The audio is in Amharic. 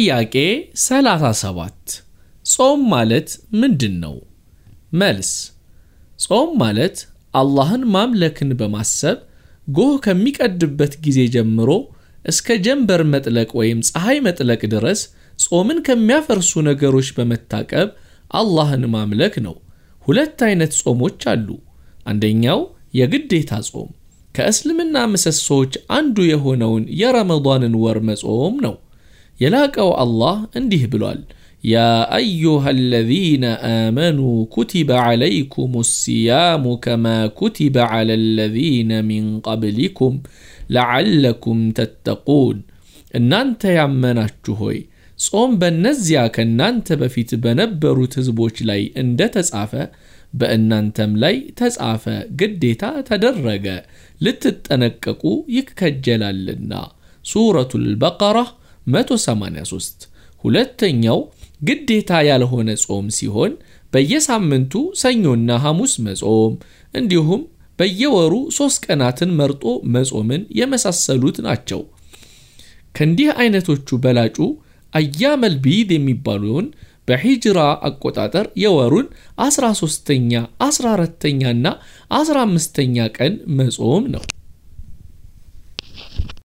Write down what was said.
ጥያቄ 37 ጾም ማለት ምንድን ነው? መልስ ጾም ማለት አላህን ማምለክን በማሰብ ጎህ ከሚቀድበት ጊዜ ጀምሮ እስከ ጀንበር መጥለቅ ወይም ፀሐይ መጥለቅ ድረስ ጾምን ከሚያፈርሱ ነገሮች በመታቀብ አላህን ማምለክ ነው። ሁለት አይነት ጾሞች አሉ። አንደኛው የግዴታ ጾም ከእስልምና ምሰሶዎች አንዱ የሆነውን የረመዷንን ወር መጾም ነው። يلاقوا الله انديه بلوال يا أيها الذين آمنوا كتب عليكم الصيام كما كتب على الذين من قبلكم لعلكم تتقون النانت يا مناتشوهي صوم بنزيا كنانت بفيت بنبر وتزبوش لي اند تسعفة بأنانتم لي تسعفة قديتا تدرج لتتنككو يككجلال لنا سورة البقرة 183 ሁለተኛው ግዴታ ያልሆነ ጾም ሲሆን በየሳምንቱ ሰኞና ሐሙስ መጾም እንዲሁም በየወሩ ሦስት ቀናትን መርጦ መጾምን የመሳሰሉት ናቸው። ከእንዲህ አይነቶቹ በላጩ አያመል ቢድ የሚባለውን በሂጅራ አቆጣጠር የወሩን 13ተኛ፣ 14ተኛና 15ተኛ ቀን መጾም ነው።